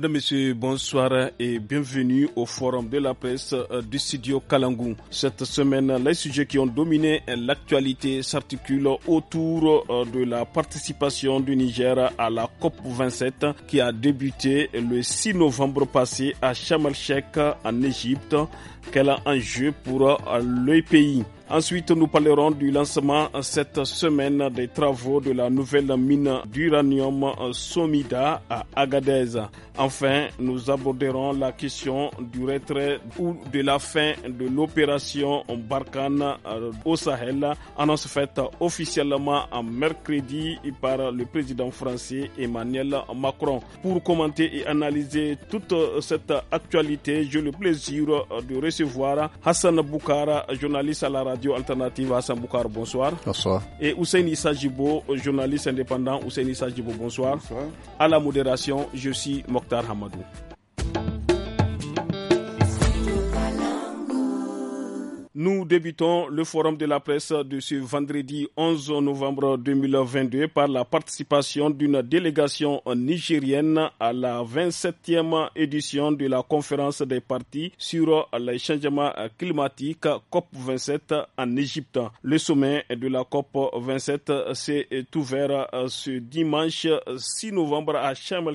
Mesdames, Monsieur, bonsoir et bienvenue au Forum de la presse euh, du studio Kalangou. Cette semaine, les sujets qui ont dominé l'actualité s'articulent autour euh, de la participation du Niger à la COP27 qui a débuté le 6 novembre passé à Sharm el-Sheikh en Égypte quel enjeu pour euh, le pays. Ensuite, nous parlerons du lancement euh, cette semaine des travaux de la nouvelle mine d'uranium euh, Somida à Agadez. Enfin, nous aborderons la question du retrait ou de la fin de l'opération Barkhane au Sahel, annonce faite officiellement en mercredi par le président français Emmanuel Macron. Pour commenter et analyser toute cette actualité, j'ai le plaisir de recevoir Hassan Boukara, journaliste à la radio alternative. Hassan Boukara, bonsoir. Bonsoir. Et Hussein Issa journaliste indépendant. Hussein Issa bonsoir. Bonsoir. À la modération, je suis Mokhtar Hamadou. Nous débutons le forum de la presse de ce vendredi 11 novembre 2022 par la participation d'une délégation nigérienne à la 27e édition de la conférence des partis sur les changements climatiques COP27 en Égypte. Le sommet de la COP27 s'est ouvert ce dimanche 6 novembre à Sharm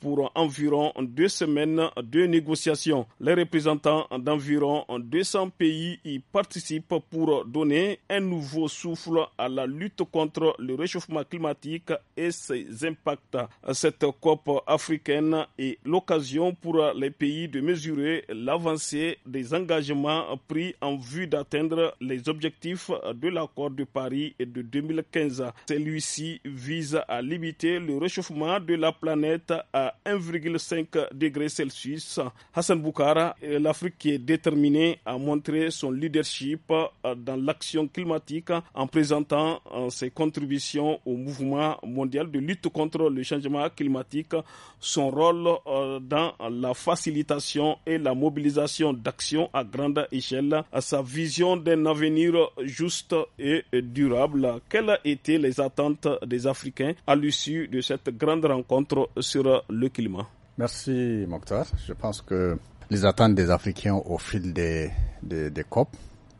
pour environ deux semaines de négociations. Les représentants d'environ 200 pays y participent pour donner un nouveau souffle à la lutte contre le réchauffement climatique et ses impacts. Cette COP africaine est l'occasion pour les pays de mesurer l'avancée des engagements pris en vue d'atteindre les objectifs de l'accord de Paris de 2015. Celui-ci vise à limiter le réchauffement de la planète à 1,5 degré Celsius. Hassan Boukara, l'Afrique qui est déterminée à montrer son leadership euh, dans l'action climatique en présentant euh, ses contributions au mouvement mondial de lutte contre le changement climatique, son rôle euh, dans la facilitation et la mobilisation d'actions à grande échelle, sa vision d'un avenir juste et durable. Quelles étaient les attentes des Africains à l'issue de cette grande rencontre sur le climat Merci Mokhtar. Je pense que les attentes des Africains au fil des, des, COP,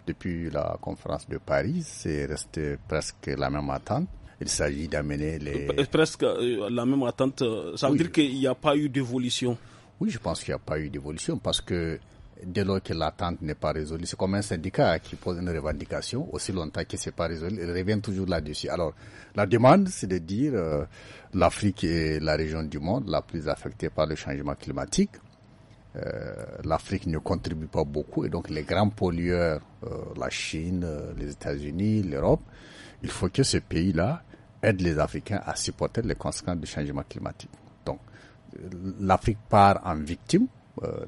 depuis la conférence de Paris, c'est resté presque la même attente. Il s'agit d'amener les... Euh, euh, presque euh, la même attente. Ça veut dire qu'il n'y a pas eu d'évolution. Oui, je pense qu'il n'y a pas eu d'évolution parce que dès lors que l'attente n'est pas résolue, c'est comme un syndicat qui pose une revendication, aussi longtemps que ce n'est pas résolu, il revient toujours là-dessus. Alors, la demande, c'est de dire l'Afrique est la région du monde la plus affectée par le changement climatique. Euh, l'Afrique ne contribue pas beaucoup et donc les grands pollueurs, euh, la Chine, euh, les États-Unis, l'Europe, il faut que ces pays-là aide les Africains à supporter les conséquences du changement climatique. Donc l'Afrique part en victime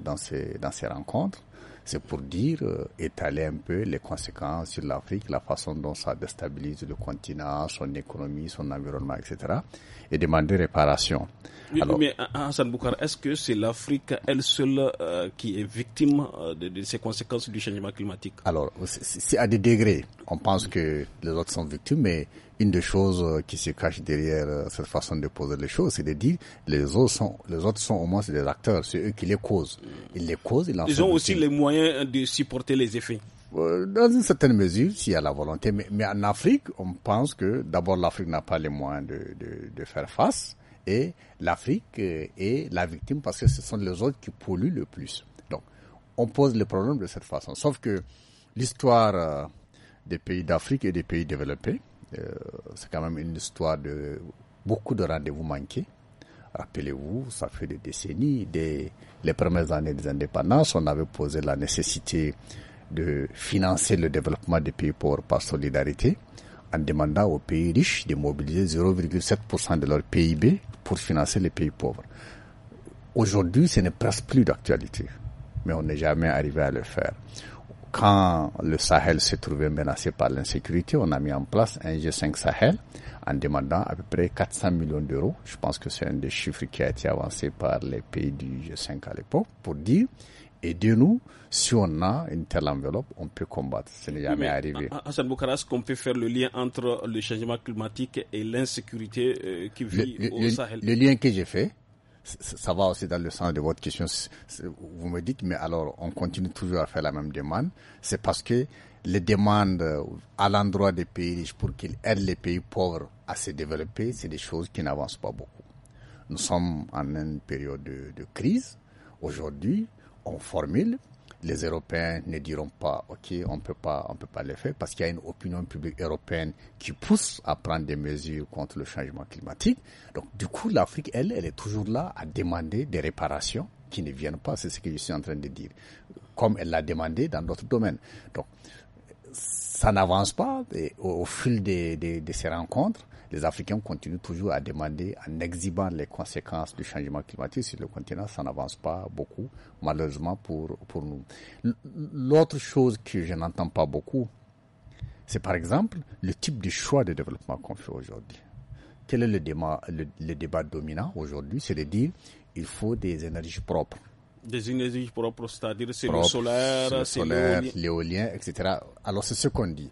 dans, ces, dans ces rencontres c'est pour dire, euh, étaler un peu les conséquences sur l'Afrique, la façon dont ça déstabilise le continent, son économie, son environnement, etc. et demander réparation. mais euh, Hassan Boukar, est-ce que c'est l'Afrique elle seule euh, qui est victime de, de, ces conséquences du changement climatique Alors, c'est à des degrés. On pense que les autres sont victimes, mais une des choses euh, qui se cache derrière euh, cette façon de poser les choses, c'est de dire les autres sont, les autres sont au moins des acteurs, c'est eux qui les causent. Ils les causent, ils en Ils ont aussi les moyens euh, de supporter les effets. Dans une certaine mesure, s'il y a la volonté. Mais, mais, en Afrique, on pense que d'abord l'Afrique n'a pas les moyens de, de, de faire face et l'Afrique est la victime parce que ce sont les autres qui polluent le plus. Donc, on pose le problème de cette façon. Sauf que l'histoire des pays d'Afrique et des pays développés, euh, c'est quand même une histoire de beaucoup de rendez-vous manqués. Rappelez-vous, ça fait des décennies, dès les premières années des indépendances, on avait posé la nécessité de financer le développement des pays pauvres par solidarité en demandant aux pays riches de mobiliser 0,7% de leur PIB pour financer les pays pauvres. Aujourd'hui, ce n'est presque plus d'actualité, mais on n'est jamais arrivé à le faire quand le Sahel s'est trouvé menacé par l'insécurité, on a mis en place un G5 Sahel en demandant à peu près 400 millions d'euros. Je pense que c'est un des chiffres qui a été avancé par les pays du G5 à l'époque pour dire aidez-nous. Si on a une telle enveloppe, on peut combattre. Ce n'est jamais arrivé. Hassan est-ce qu'on peut faire le lien entre le changement climatique et l'insécurité euh, qui vit au Sahel Le lien que j'ai fait, ça va aussi dans le sens de votre question. Vous me dites, mais alors on continue toujours à faire la même demande. C'est parce que les demandes euh, à l'endroit des pays riches pour qu'ils aident les pays pauvres à se développer, c'est des choses qui n'avancent pas beaucoup. Nous sommes en une période de, de crise. Aujourd'hui, on formule les Européens ne diront pas, OK, on peut pas, on peut pas le faire parce qu'il y a une opinion publique européenne qui pousse à prendre des mesures contre le changement climatique. Donc, du coup, l'Afrique, elle, elle est toujours là à demander des réparations qui ne viennent pas. C'est ce que je suis en train de dire. Comme elle l'a demandé dans d'autres domaines. Donc, ça n'avance pas au, fil de ces rencontres les Africains continuent toujours à demander, en exhibant les conséquences du changement climatique sur le continent, ça n'avance pas beaucoup, malheureusement pour, pour nous. L'autre chose que je n'entends pas beaucoup, c'est par exemple le type de choix de développement qu'on fait aujourd'hui. Quel est le débat, dominant aujourd'hui C'est de dire il faut des énergies propres. Des énergies propres, c'est-à-dire c'est le solaire, l'éolien, etc. Alors c'est ce qu'on dit.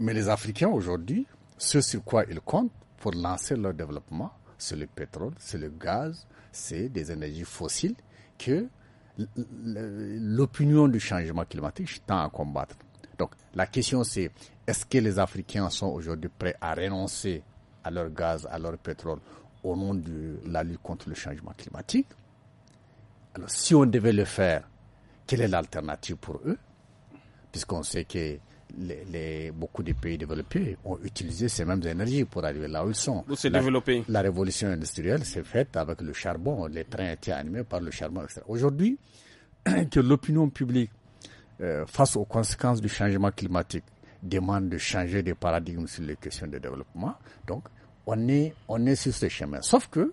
Mais les Africains aujourd'hui, ce sur quoi ils comptent pour lancer leur développement, c'est le pétrole, c'est le gaz, c'est des énergies fossiles que l'opinion du changement climatique tend à combattre. Donc la question c'est est-ce que les Africains sont aujourd'hui prêts à renoncer à leur gaz, à leur pétrole au nom de la lutte contre le changement climatique Alors si on devait le faire, quelle est l'alternative pour eux Puisqu'on sait que les, beaucoup de pays développés ont utilisé ces mêmes énergies pour arriver là où ils sont. Où la, développé. la révolution industrielle s'est faite avec le charbon. Les trains étaient animés par le charbon. Aujourd'hui, que l'opinion publique, euh, face aux conséquences du changement climatique, demande de changer de paradigme sur les questions de développement. Donc, on est, on est sur ce chemin. Sauf que,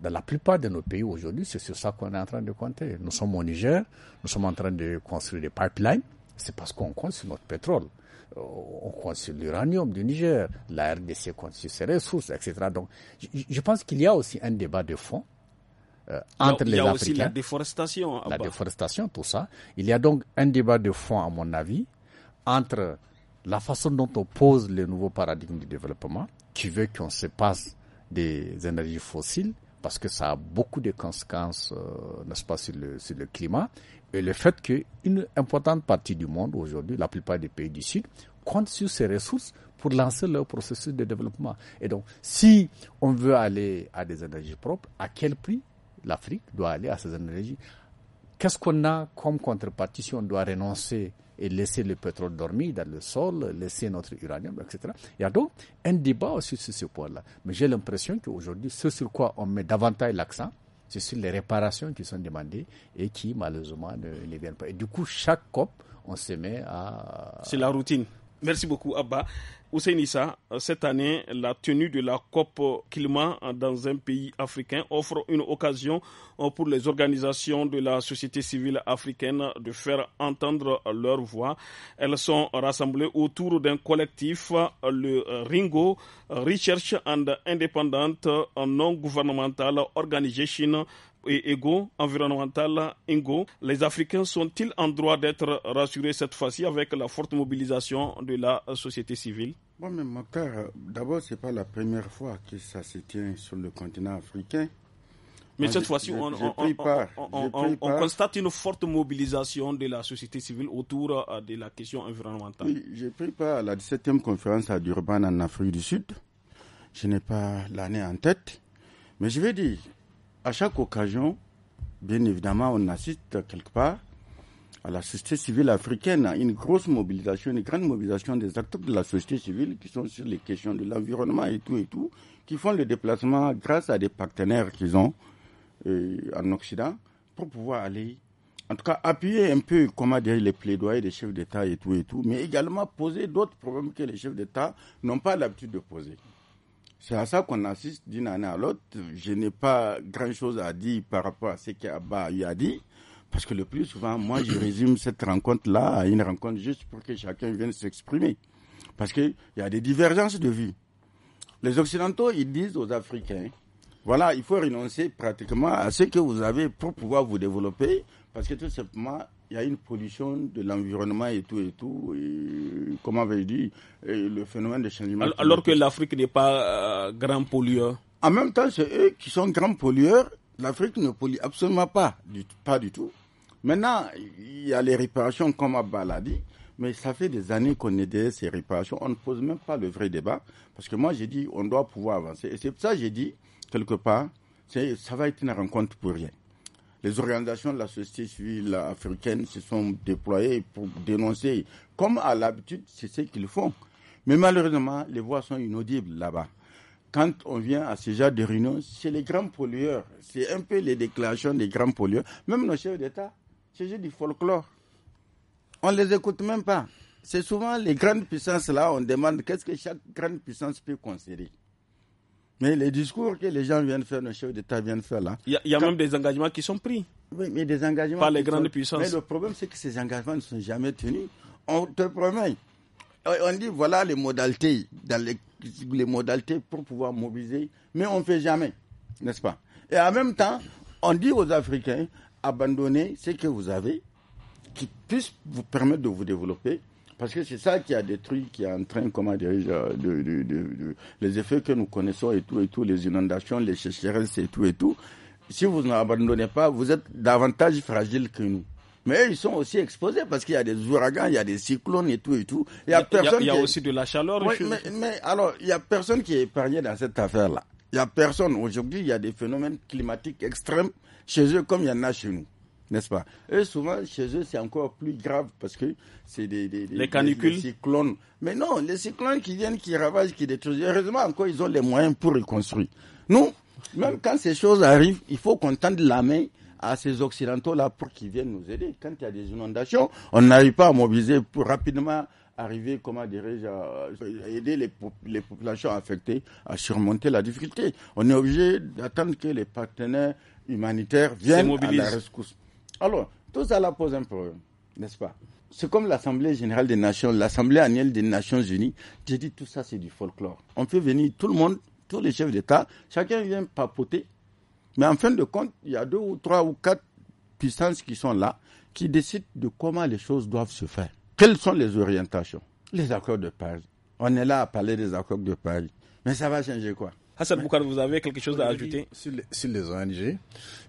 dans la plupart de nos pays aujourd'hui, c'est sur ça qu'on est en train de compter. Nous sommes au Niger, nous sommes en train de construire des pipelines c'est parce qu'on compte sur notre pétrole. Euh, on compte sur l'uranium du Niger, la RDC compte sur ses ressources, etc. Donc, je pense qu'il y a aussi un débat de fond euh, entre les Africains. Il y a, aussi la déforestation. La déforestation, tout ça. Il y a donc un débat de fond, à mon avis, entre la façon dont on pose le nouveau paradigme du développement, qui veut qu'on se passe des énergies fossiles, parce que ça a beaucoup de conséquences, euh, n'est-ce pas, sur le climat, et le fait qu'une importante partie du monde aujourd'hui, la plupart des pays du Sud, comptent sur ces ressources pour lancer leur processus de développement. Et donc, si on veut aller à des énergies propres, à quel prix l'Afrique doit aller à ces énergies Qu'est-ce qu'on a comme contrepartie si on doit renoncer et laisser le pétrole dormir dans le sol, laisser notre uranium, etc. Il y a donc un débat aussi sur ce point-là. Mais j'ai l'impression qu'aujourd'hui, ce sur quoi on met davantage l'accent, c'est sur les réparations qui sont demandées et qui malheureusement ne, viennent pas. Et du coup, chaque COP, on se met à... C'est la routine. Merci beaucoup, Abba. Ousseinissa, euh, cette année, la tenue de la COP climat euh, dans un pays africain offre une occasion euh, pour les organisations de la société civile africaine de faire entendre leur voix. Elles sont rassemblées autour d'un collectif, le Ringo Research and Independent Non Governmental Organization et égaux, environnemental égaux, les Africains sont-ils en droit d'être rassurés cette fois-ci avec la forte mobilisation de la société civile Bon, mais d'abord, ce n'est pas la première fois que ça se tient sur le continent africain. Mais cette fois-ci, on, constate une forte mobilisation de la société civile autour euh, de la question environnementale. Oui, j'ai pris part à la 17e conférence à Durban en Afrique du Sud. Je n'ai pas l'année en tête. Mais je vais dire, à chaque occasion, bien évidemment, on assiste quelque part à la société civile africaine, à une grosse mobilisation, une grande mobilisation des acteurs de la société civile qui sont sur les questions de l'environnement et tout et tout, qui font le déplacement grâce à des partenaires qu'ils ont euh, en Occident pour pouvoir aller, en tout cas, appuyer un peu, comment dire, les plaidoyers des chefs d'État et tout et tout, mais également poser d'autres problèmes que les chefs d'État n'ont pas l'habitude de poser. C'est à ça qu'on assiste d'une année à l'autre. Je n'ai pas grand-chose à dire par rapport à ce qu'Abba a dit, parce que le plus souvent, moi, je résume cette rencontre-là à une rencontre juste pour que chacun vienne s'exprimer. Parce qu'il y a des divergences de vues. Les Occidentaux, ils disent aux Africains, voilà, il faut renoncer pratiquement à ce que vous avez pour pouvoir vous développer, parce que tout simplement, il y a une pollution de l'environnement et tout et tout. Et, comment avait dit le phénomène de changement. Alors, que l'Afrique n'est pas euh, grand pollueur. En même temps, c'est eux qui sont grands pollueurs. L'Afrique ne pollue absolument pas, pas du tout. Maintenant, il y a les réparations comme Abba l'a dit, mais ça fait des années qu'on aidait ces réparations. On ne pose même pas le vrai débat, parce que moi j'ai dit on doit pouvoir avancer. Et c'est pour ça que j'ai dit, quelque part, ça va être une rencontre pour rien les organisations de la société civile africaine se sont déployées pour dénoncer. Comme à l'habitude, c'est ce qu'ils font. Mais malheureusement, les voix sont inaudibles là-bas. Quand on vient à ce genre de réunion, c'est les grands pollueurs. C'est un peu les déclarations des grands pollueurs. Même nos chefs d'État, c'est juste du folklore. On ne les écoute même pas. C'est souvent les grandes puissances là, on demande qu'est-ce que chaque grande puissance peut considérer. Mais les discours que les gens viennent faire, nos chefs d'État viennent faire là. Il y a, même des engagements qui sont pris. Oui, mais des engagements. Par les grandes puissances. Mais le problème, c'est que ces engagements ne sont jamais tenus. On te promet. Euh, on dit voilà les modalités, dans les, les modalités pour pouvoir mobiliser, mais on ne fait jamais, n'est-ce pas Et en même temps, on dit aux Africains abandonnez ce que vous avez, qui puisse vous permettre de vous développer, parce que c'est ça qui a détruit, qui est en train, comment dirais euh, de, les effets que nous connaissons et tout, et tout, les inondations, les sécheresses et tout, et tout. Si vous abandonnez pas, vous êtes davantage fragile que nous. Mais ils sont aussi exposés parce qu'il y a des ouragans, il y a des cyclones et tout et tout. Il y a, personne il y aussi de la chaleur. mais, mais, alors, il n'y a personne qui est épargné dans cette affaire-là. Il n'y a personne. Aujourd'hui, il y a des phénomènes climatiques extrêmes chez eux comme il y en a chez nous n'est-ce pas Et souvent, chez eux, c'est encore plus grave parce que c'est des, cyclones. Mais non, les cyclones qui viennent, qui ravagent, qui détruisent. Heureusement, encore, ils ont les moyens pour reconstruire. Nous, même quand ces choses arrivent, il faut qu'on tende la main à ces Occidentaux-là pour qu'ils viennent nous aider. Quand il y a des inondations, on n'arrive pas à mobiliser pour rapidement arriver, comment dirais-je, à aider les, les, populations affectées à surmonter la difficulté. On est obligé d'attendre que les partenaires humanitaires viennent à la rescousse. Alors, tout ça pose un problème, n'est-ce pas C'est comme l'Assemblée générale des Nations, l'Assemblée annuelle des Nations Unies. J'ai dit tout ça, c'est du folklore. On fait venir tout le monde, tous les chefs d'État, chacun vient papoter. Mais en fin de compte, il y a deux ou trois ou quatre puissances qui sont là, qui décident de comment les choses doivent se faire. Quelles sont les orientations Les accords de Paris. On est là à parler des accords de Paris. Mais ça va changer quoi Hassan vous avez quelque chose à ajouter sur les, sur ONG,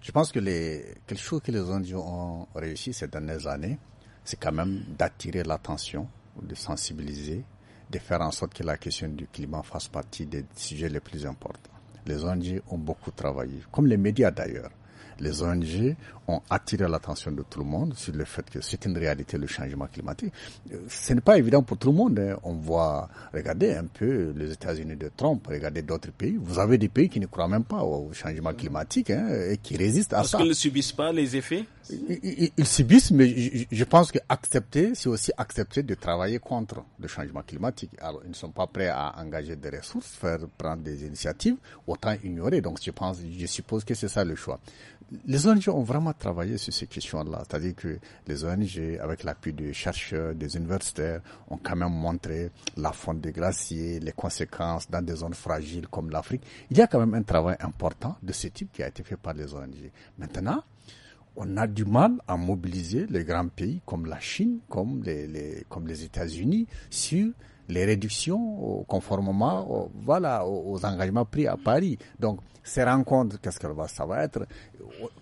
je pense que les, quelque chose que les ONG ont réussi ces dernières années, c'est quand même d'attirer l'attention, de sensibiliser, de faire en sorte que la question du climat fasse partie des sujets les plus importants. Les ONG ont beaucoup travaillé, comme les médias d'ailleurs les ONG ont attiré l'attention de tout le monde sur le fait que c'est une réalité le changement climatique. Euh, ce n'est pas évident pour tout le monde. Hein. On voit, regardez un peu les États-Unis de Trump, regardez d'autres pays. Vous avez des pays qui ne croient même pas au changement climatique hein, et qui résistent à ça. Parce qu'ils ne subissent pas les effets ils, subissent, mais je, pense que accepter, c'est aussi accepter de travailler contre le changement climatique. Alors, ils ne sont pas prêts à engager des ressources, faire prendre des initiatives, autant ignorer. Donc, je pense, je suppose que c'est ça le choix. Les ONG ont vraiment travaillé sur ces questions-là, c'est-à-dire que les ONG, avec l'appui des chercheurs, des universitaires, ont quand même montré la fonte des glaciers, les conséquences dans des zones fragiles comme l'Afrique. Il y a quand même un travail important de ce type qui a été fait par les ONG. Maintenant, on a du mal à mobiliser les grands pays comme la Chine, comme les, comme les États-Unis sur les réductions conformément aux, aux engagements pris à Paris. Donc, ces rencontres, qu'est-ce que ça va être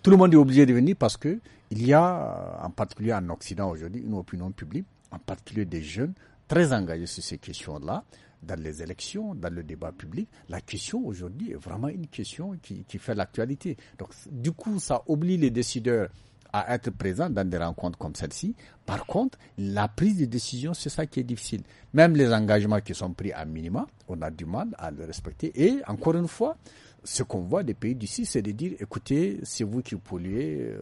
Tout le monde est obligé de venir parce que il y a, en particulier en Occident aujourd'hui, une opinion publique, en particulier des jeunes, très engagé sur ces questions-là, dans les élections, dans le débat public. La question aujourd'hui est vraiment une question qui, qui fait l'actualité. Donc, du coup, ça oblige les décideurs à être présents dans des rencontres comme celle-ci. Par contre, la prise de décision, c'est ça qui est difficile. Même les engagements qui sont pris à minima, on a du mal à le respecter. Et encore une fois, ce qu'on voit des pays d'ici, c'est de dire, écoutez, c'est vous qui polluez, euh,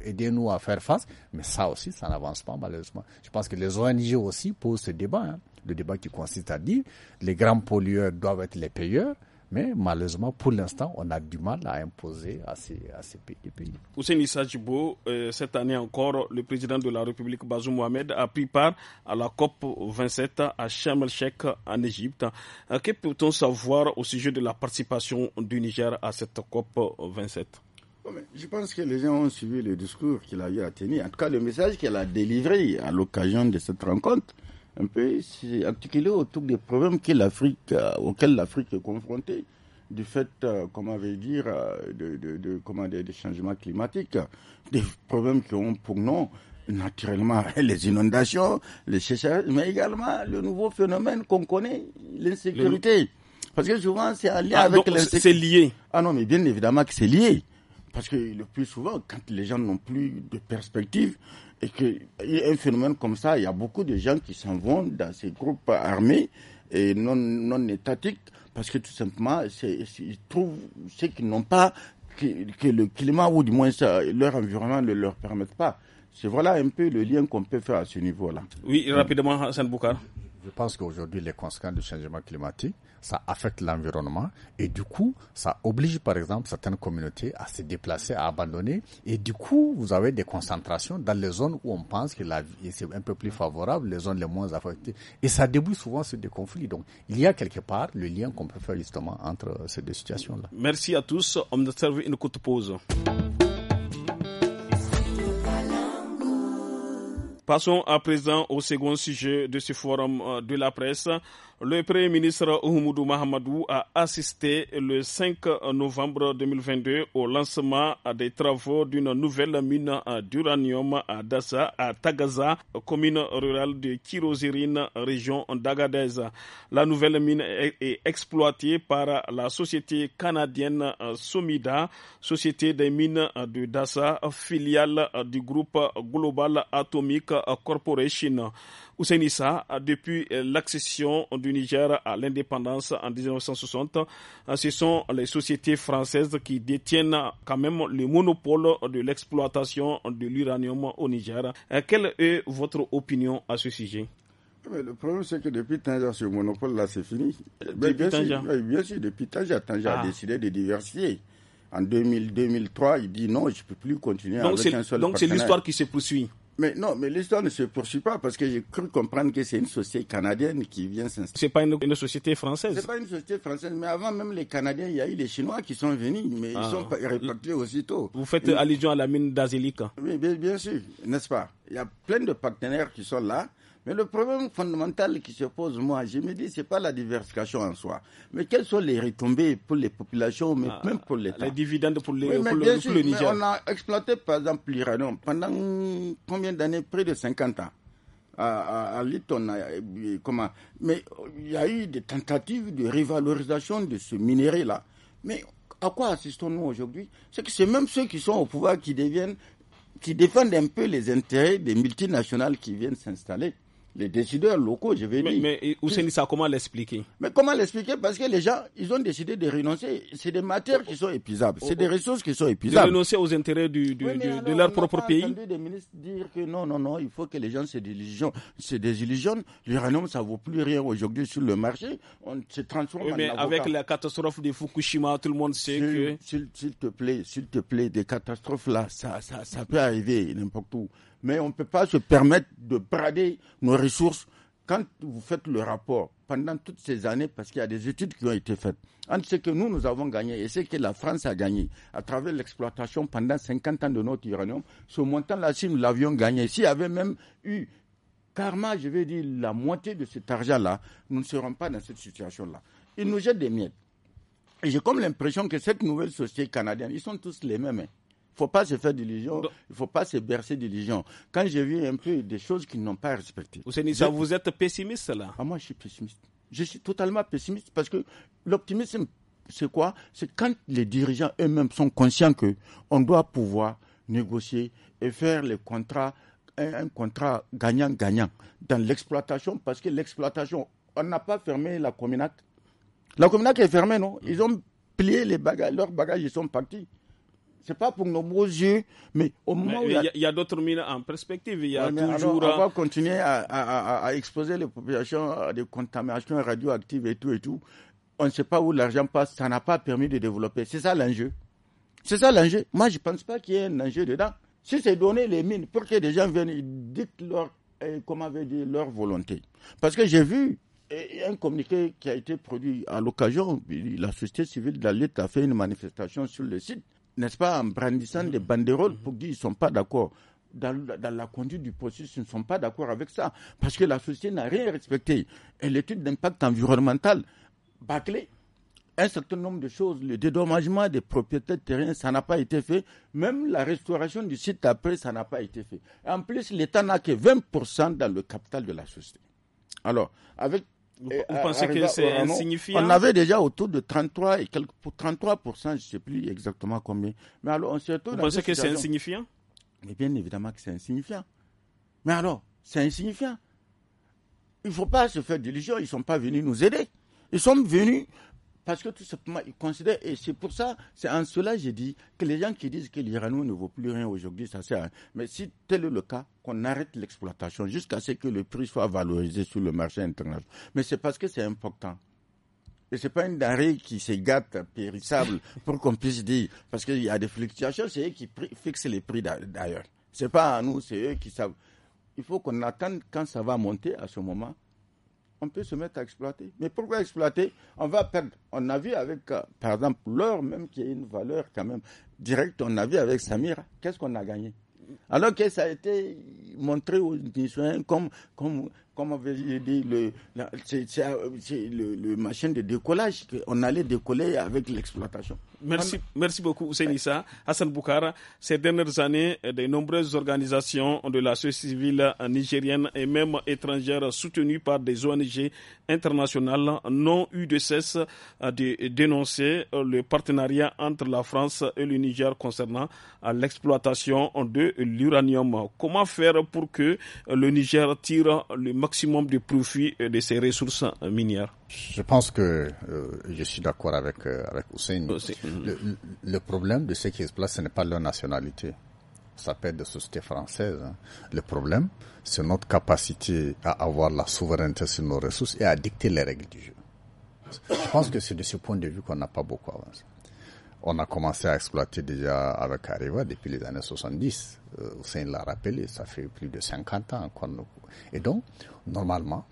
aidez-nous à faire face. Mais ça aussi, ça n'avance pas malheureusement. Je pense que les ONG aussi posent ce débat. Hein. Le débat qui consiste à dire, les grands pollueurs doivent être les payeurs. Mais malheureusement, pour l'instant, on a du mal à imposer à ces, ces pays. Hussein euh, cette année encore, le président de la République, Bazoum Mohamed, a pris part à la COP 27 à Sharm el-Sheikh en Égypte. Euh, que peut-on savoir au sujet de la participation du Niger à cette COP 27 je pense que les gens ont suivi le discours qu'il a eu à tenir, en tout cas le message qu'elle a délivré à l'occasion de cette rencontre un peu articulé autour des problèmes l'Afrique, euh, auxquels l'Afrique est confrontée du fait, comment on dire, de, comment des, changements climatiques, des problèmes qui ont pour nous naturellement les inondations, les sécheresses, mais également le nouveau phénomène qu'on connaît, l'insécurité. Parce que souvent, c'est lié ah, avec l'insécurité. C'est lié. Ah non, mais bien évidemment que c'est lié. Parce que le plus souvent, quand les gens n'ont plus de perspective, et qu'il y a un phénomène comme ça, il y a beaucoup de gens qui s'en vont dans ces groupes armés et non, non étatiques parce que tout simplement, ils trouvent ceux qui n'ont pas, que, le climat ou du moins leur environnement ne leur permettent pas. C'est voilà un peu le lien qu'on peut faire à ce niveau-là. Oui, rapidement, Hassan Boukar. Je pense qu'aujourd'hui, les conséquences du changement climatique, ça affecte l'environnement et du coup, ça oblige par exemple certaines communautés à se déplacer, à abandonner et du coup, vous avez des concentrations dans les zones où on pense que la vie est un peu plus favorable, les zones les moins affectées et ça débouche souvent sur des conflits. Donc, il y a quelque part le lien qu'on peut faire justement entre ces deux situations-là. Merci à tous. On servi une courte pause. Passons à présent au second sujet de ce forum euh, de la presse. Le Premier ministre Oumoudou Mahamadou a assisté le 5 novembre 2022 au lancement des travaux d'une nouvelle mine d'uranium à Dassa, à Tagaza, commune rurale de Kirozirine, région d'Agadez. La nouvelle mine est exploitée par la société canadienne Somida, société des mines de Dassa, filiale du groupe Global Atomic Corporation. Hussein depuis l'accession du Niger à l'indépendance en 1960, ce sont les sociétés françaises qui détiennent quand même le monopole de l'exploitation de l'uranium au Niger. Euh, quelle est votre opinion à ce sujet eh ben, le problème, c'est que depuis Tanja, ce monopole-là, c'est fini. Eh ben, depuis bien, sûr, bien, sûr, depuis Tanja, Tanja ah. a décidé de diversifier. En 2000, 2003, il dit non, je ne peux plus continuer avec un seul Donc c'est l'histoire qui se poursuit. Mais non, mais l'histoire ne se poursuit pas parce que j'ai cru comprendre que c'est une société canadienne qui vient s'installer. C'est pas une, société française. C'est pas une société française, mais avant même les Canadiens, il y a eu les Chinois qui sont venus, mais ils ah. sont répartis aussitôt. Vous faites allusion à la mine d'Azélique Oui, bien sûr, n'est-ce pas Il y a plein de partenaires qui sont là mais le problème fondamental qui se pose, moi, je me dis, ce n'est pas la diversification en soi. Mais quelles sont les retombées pour les populations, mais ah, même pour l'État Les dividendes pour, les, pour, le, on a exploité, par exemple, l'Iran, pendant combien d'années Près de 50 ans. À, à, euh, comment Mais euh, il y a eu des tentatives de revalorisation de ce minerai-là. Mais à quoi assistons-nous aujourd'hui C'est que c'est même ceux qui sont au pouvoir qui deviennent, qui défendent un peu les intérêts des multinationales qui viennent s'installer les décideurs locaux, je vais mais, dire. Mais ça, comment l'expliquer Mais comment l'expliquer Parce que les gens, ils ont décidé de renoncer. C'est des matières qui sont épuisables, c'est oh, des oh. ressources qui sont épuisables. De renoncer aux intérêts du, de leur propre pays. entendu des ministres dire que non, non, non, il faut que les gens se désillusionnent. Se désillusionnent. L'uranium, ça ne vaut plus rien aujourd'hui sur le marché. On se transforme eh, mais avec la catastrophe de Fukushima, tout le monde sait que. S'il te plaît, s'il te plaît, des catastrophes là, ça, ça peut arriver n'importe où. Mais on ne peut pas se permettre de brader nos ressources quand vous faites le rapport pendant toutes ces années, parce qu'il y a des études qui ont été faites, entre ce que nous, nous avons gagné et ce que la France a gagné à travers l'exploitation pendant 50 ans de notre uranium, ce montant-là, si nous l'avions gagné, s'il y avait même eu karma, je vais dire, la moitié de cet argent-là, nous ne serons pas dans cette situation-là. Ils nous jettent des miettes. Et j'ai comme l'impression que cette nouvelle société canadienne, ils sont tous les mêmes. Hein faut pas se faire d'illusions, il faut pas se bercer d'illusions. Quand j'ai vu un peu des choses qu'ils n'ont pas respectées. vous êtes pessimiste là ah, Moi, je suis pessimiste. Je suis totalement pessimiste parce que l'optimisme, c'est quoi C'est quand les dirigeants eux-mêmes sont conscients que on doit pouvoir négocier et faire les contrats, un, contrat gagnant-gagnant dans l'exploitation, parce que l'exploitation, on n'a pas fermé la communac. La communac est fermée, non Ils ont plié les bagages, leurs bagages, ils sont partis. C'est pas pour nos beaux yeux, mais au moment où. Il y a, d'autres mines en perspective. Il y a toujours. on hein. va continuer à, à, exposer les populations à des contaminations radioactives et tout et tout. On ne sait pas où l'argent passe. Ça n'a pas permis de développer. C'est ça l'enjeu. C'est ça l'enjeu. Moi, je ne pense pas qu'il y ait un enjeu dedans. Si c'est donner les mines pour que des gens viennent, ils dictent leur, avait euh, dit, leur volonté. Parce que j'ai vu un communiqué qui a été produit à l'occasion, la société civile de la lutte a fait une manifestation sur le site n'est-ce pas, en brandissant des mm-hmm. banderoles pour mm-hmm. dire qu'ils ne sont pas d'accord. Dans, dans, la conduite du processus, ils ne sont pas d'accord avec ça, parce que la société n'a rien respecté. Et l'étude d'impact environnemental, bâclée, un certain nombre de choses, le dédommagement des propriétaires terriens, ça n'a pas été fait. Même la restauration du site après, ça n'a pas été fait. En plus, l'État n'a que 20% dans le capital de la société. Alors, avec vous, pensez que c'est insignifiant On avait déjà autour de 33 et quelques, 33 je ne sais plus exactement combien. Mais alors, Vous pensez que c'est insignifiant Mais bien évidemment que c'est insignifiant. Mais alors, c'est insignifiant. Il ne faut pas se faire d'illusions. Ils ne sont pas venus nous aider. Ils sont venus parce que tout simplement, ils considèrent, et c'est pour ça, c'est en cela j'ai dit que les gens qui disent que l'Iran ne vaut plus rien aujourd'hui, ça sert à rien. Mais si tel est le cas, qu'on arrête l'exploitation jusqu'à ce que le prix soit valorisé sur le marché international. Mais c'est parce que c'est important. Et n'est pas une denrée qui se gâte périssable pour qu'on puisse dire, parce qu'il y a des fluctuations, c'est eux qui fixent les prix d'ailleurs. Ce n'est pas à nous, c'est eux qui savent. Il faut qu'on attende quand ça va monter à ce moment on peut se mettre à exploiter. Mais pourquoi exploiter On va perdre. On a vu avec, euh, par exemple, l'or même qui a une valeur quand même directe, on a vu avec Samira, qu'est-ce qu'on a gagné Alors que ça a été montré aux Guinéens comme, comme comme dit, le, le, le, machin de décollage. qu'on allait décoller avec l'exploitation. Merci, merci beaucoup, Nissa. Hassan Boukara, ces dernières années, de nombreuses organisations de la société civile nigérienne et même étrangères soutenues par des ONG internationales n'ont eu de cesse de dénoncer le partenariat entre la France et le Niger concernant l'exploitation de l'uranium. Comment faire pour que le Niger tire le maximum maximum de profit de ces ressources minières Je pense que euh, je suis d'accord avec, euh, Hussein. Euh, mhm. le, problème de ceux qui se placent, ce n'est pas leur nationalité. Ça peut être des sociétés françaises. Hein. Le problème, c'est notre capacité à avoir la souveraineté sur nos ressources et à dicter les règles du jeu. Je pense que c'est de ce point de vue qu'on n'a pas beaucoup avancé on a commencé à exploiter déjà avec Areva depuis les années 70. Euh, l'a rappelé, ça fait plus de 50 ans. qu'on... Et donc, normalement,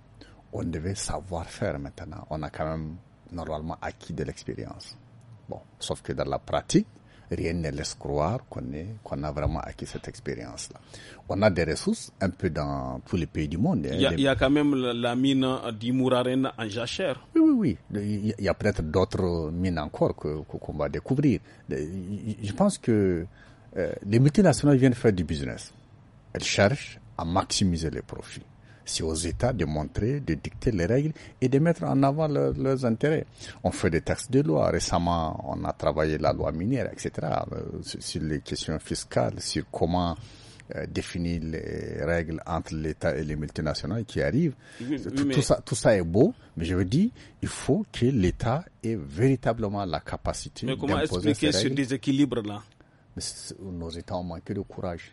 on devait savoir faire maintenant. On a quand même normalement acquis de l'expérience. Bon, sauf que dans la pratique, rien ne laisse croire qu'on qu'on a vraiment acquis cette expérience-là. On a des ressources un peu dans tous les pays du monde. Hein, il y a, quand même la mine d'Imouraren en jachère. Oui, oui, oui. Il y a peut-être d'autres mines encore qu'on va découvrir. Je pense que euh, les multinationales viennent faire du business. Elles cherchent à maximiser les profits. C'est aux États de montrer, de dicter les règles et de mettre en avant leurs intérêts. On fait des textes de loi. Récemment, on a travaillé la loi minière, etc. Euh, sur les questions fiscales, sur comment euh, définir les règles entre l'État et les multinationales qui arrivent. tout, ça, tout ça est beau, mais je veux dire, il faut que l'État ait véritablement la capacité. Mais comment expliquer ce déséquilibre-là Nos États ont manqué de courage.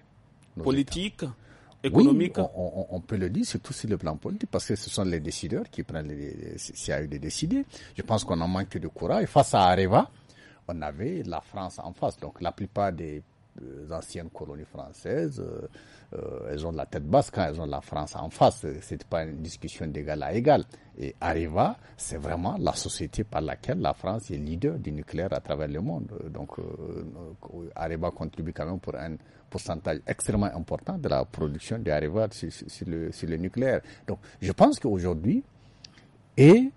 Politique économique oui, on, peut le dire, surtout sur le plan politique, parce que ce sont les décideurs qui prennent les, c'est à eux de décider. Je pense qu'on en manque de courage. Face à Areva, on avait la France en face. Donc la plupart des euh, anciennes colonies françaises, euh, euh, elles ont la tête basse quand elles ont la France en face. C'était pas une discussion d'égal à égal. Et Areva, c'est vraiment la société par laquelle la France est leader du nucléaire à travers le monde. Donc Areva contribue quand même pour un pourcentage extrêmement important de la production des sur, le, nucléaire. Donc, je pense qu'aujourd'hui, et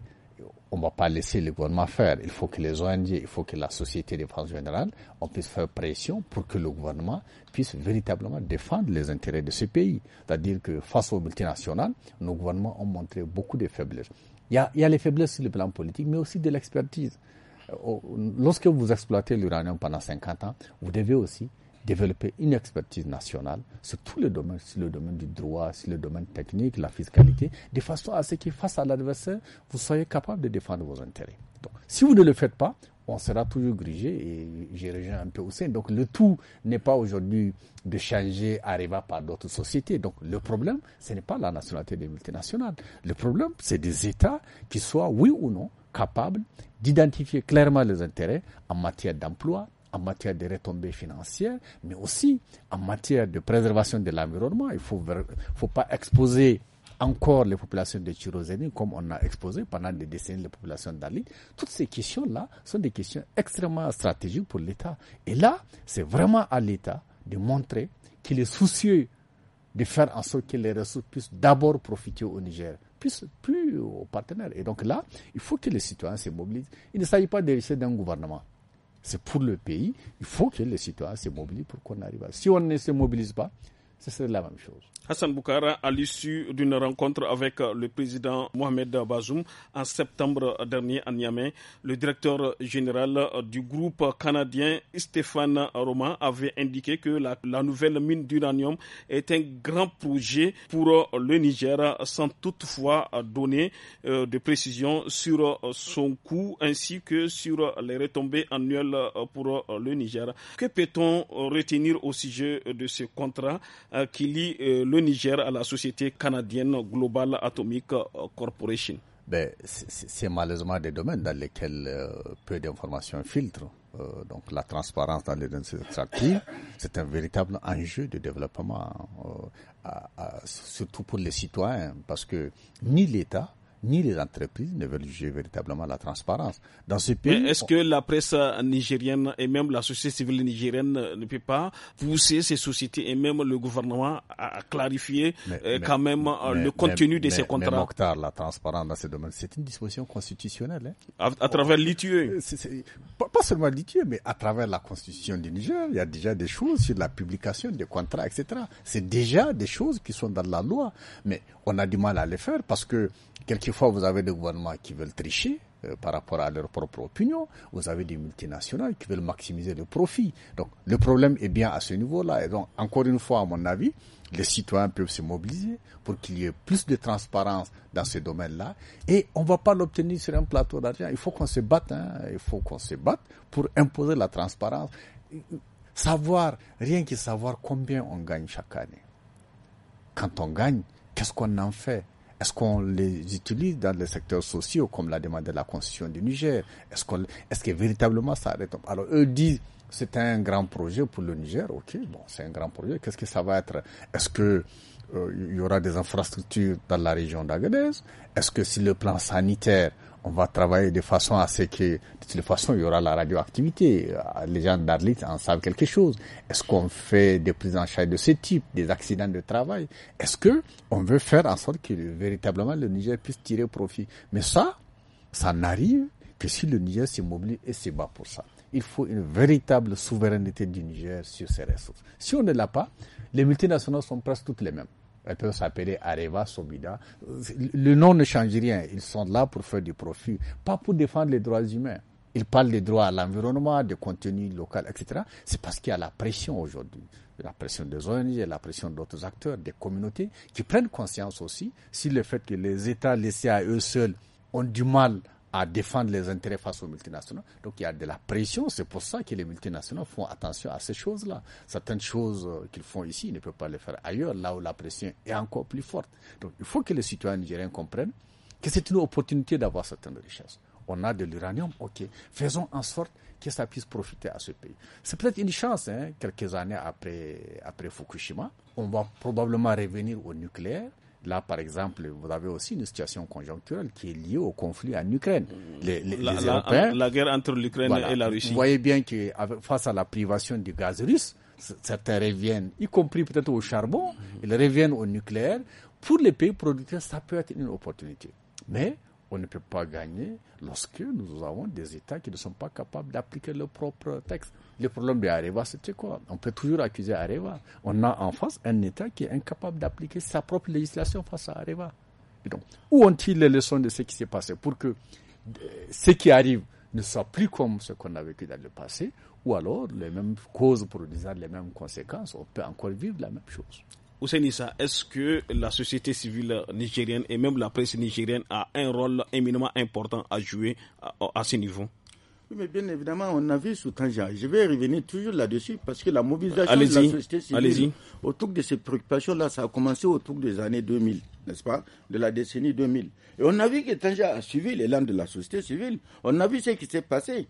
on ne va pas laisser le gouvernement faire. Il faut que les ONG, il faut que la société France générale, on puisse faire pression pour que le gouvernement puisse véritablement défendre les intérêts de ce pays. C'est-à-dire que face aux multinationales, nos gouvernements ont montré beaucoup de faiblesses. Il il y a les faiblesses sur le plan politique, mais aussi de l'expertise. Euh, lorsque vous exploitez l'uranium pendant 50 ans, vous devez aussi développer une expertise nationale sur tous les domaines, sur le domaine du droit, sur le domaine technique, la fiscalité, de façon à ce que face à l'adversaire, vous soyez capable de défendre vos intérêts. Donc, si vous ne le faites pas, on sera toujours grigé et j'ai un peu au sein. Donc le tout n'est pas aujourd'hui de changer arriver par d'autres sociétés. Donc le problème, ce n'est pas la nationalité des multinationales. Le problème, c'est des États qui soient, oui ou non, capables d'identifier clairement les intérêts en matière d'emploi, en matière de retombées financières, mais aussi en matière de préservation de l'environnement. Il ne faut, faut, pas exposer encore les populations de Chirozénie comme on a exposé pendant des décennies les populations d'Ali. Toutes ces questions-là sont des questions extrêmement stratégiques pour l'État. Et là, c'est vraiment à l'État de montrer qu'il est soucieux de faire en sorte que les ressources puissent d'abord profiter au Niger plus, aux partenaires. Et donc là, il faut que les citoyens se mobilisent. Il ne s'agit pas de d'un gouvernement c'est pour le pays. Il faut que les citoyens se mobilisent pour qu'on arrive à. Si on ne se mobilise pas, ce serait la même chose. Hassan Boukara, à l'issue d'une rencontre avec le président Mohamed Bazoum en septembre dernier à Niamey, le directeur général du groupe canadien Stéphane Roman avait indiqué que la, nouvelle mine d'uranium est un grand projet pour le Niger sans toutefois donner euh, de précisions sur son coût ainsi que sur les retombées annuelles pour le Niger. Que peut-on retenir au sujet de ce contrat euh, qui lie euh, le Niger à la société canadienne Global Atomic euh, Corporation. Ben, c'est malheureusement des domaines dans lesquels peu d'informations filtrent. donc la transparence dans les données extractives, c'est un véritable enjeu de développement, surtout pour les citoyens, parce que ni l'État, ni les entreprises ne veulent juger véritablement la transparence. Dans ce pays. Est-ce que la presse nigérienne et même la société civile nigérienne ne peut pas pousser ces sociétés et même le gouvernement à clarifier euh, quand même euh, le contenu de ces contrats mais la transparence dans ces domaines, c'est une disposition constitutionnelle. Hein. À, travers l'ITUE euh, pas, pas, seulement l'ITUE, mais à travers la constitution du Niger, il y a déjà des choses sur la publication des contrats, etc. C'est déjà des choses qui sont dans la loi. Mais on a du mal à le faire parce que quelquefois vous avez des gouvernements qui veulent tricher euh, par rapport à leur propre opinion, vous avez des multinationales qui veulent maximiser le profit. Donc le problème est bien à ce niveau-là. Et donc encore une fois, à mon avis, les citoyens peuvent se mobiliser pour qu'il y ait plus de transparence dans ce domaine-là. Et on ne va pas l'obtenir sur un plateau d'argent. Il faut qu'on se batte. Hein. Il faut qu'on se batte pour imposer la transparence. Savoir, rien que savoir combien on gagne chaque année. Quand on gagne, Qu'est-ce qu'on en fait est-ce qu'on les utilise dans les secteurs sociaux comme la demandé la Constitution du Niger Est-ce est que véritablement ça arrête Alors eux disent c'est un grand projet pour le Niger. Ok, bon, c'est un grand projet. Qu'est-ce que ça va être Est-ce que il euh, y aura des infrastructures dans la région d'Agadez Est-ce que si le plan sanitaire on va travailler de façon à ce que, de toute façon, il y aura la radioactivité. Les gens d'Arlit en savent quelque chose. Est-ce qu'on fait des prises en charge de ce type, des accidents de travail Est-ce que on veut faire en sorte que véritablement le Niger puisse tirer profit Mais ça, ça n'arrive que si le Niger s'immobilise et se bat pour ça. Il faut une véritable souveraineté du Niger sur ses ressources. Si on ne l'a pas, les multinationales sont presque toutes les mêmes. Elles peuvent s'appeler Areva, Sobida. Le nom ne change rien. Ils sont là pour faire du profit, pas pour défendre les droits humains. Ils parlent des droits à l'environnement, des contenus locaux, etc. C'est parce qu'il y a la pression aujourd'hui. La pression des ONG, la pression d'autres acteurs, des communautés, qui prennent conscience aussi sur le fait que les États laissés à eux seuls ont du mal à défendre les intérêts face aux multinationales. Donc il y a de la pression, c'est pour ça que les multinationales font attention à ces choses-là. Certaines choses euh, qu'ils font ici, ils ne peuvent pas les faire ailleurs, là où la pression est encore plus forte. Donc il faut que les citoyens nigériens comprennent que c'est une opportunité d'avoir certaines richesses. On a de l'uranium, ok. Faisons en sorte que ça puisse profiter à ce pays. C'est peut-être une chance, hein. quelques années après, après Fukushima. On va probablement revenir au nucléaire. Là, par exemple, vous avez aussi une situation conjoncturelle qui est liée au conflit en Ukraine. la, guerre entre l'Ukraine et la Russie. Vous voyez bien que face à la privation du gaz russe, certains reviennent, y compris peut-être au charbon, mhm. ils reviennent au nucléaire. Pour les pays producteurs, ça peut être une opportunité. Mais on ne peut pas gagner lorsque nous avons des États qui ne sont pas capables d'appliquer leurs propre texte. Le problème de Areva, c'était quoi On peut toujours accuser Areva. On a en France un État qui est incapable d'appliquer sa propre législation face à Areva. donc, où ont-ils les leçons de ce qui s'est passé pour que euh, ce qui arrive ne soit plus comme ce qu'on a vécu dans le passé, ou alors les mêmes causes produisant les mêmes conséquences, on peut encore vivre la même chose. Ousenissa, est-ce que la société civile nigérienne et même la presse nigérienne a un rôle éminemment important à jouer à ce niveau oui, mais bien évidemment, on a vu sous Tanja. Je vais revenir toujours là-dessus parce que la mobilisation de la société civile autour de ces préoccupations-là, ça a commencé autour des années 2000, n'est-ce pas De la décennie 2000. Et on a vu que Tanja a suivi l'élan de la société civile. On a vu ce qui s'est passé.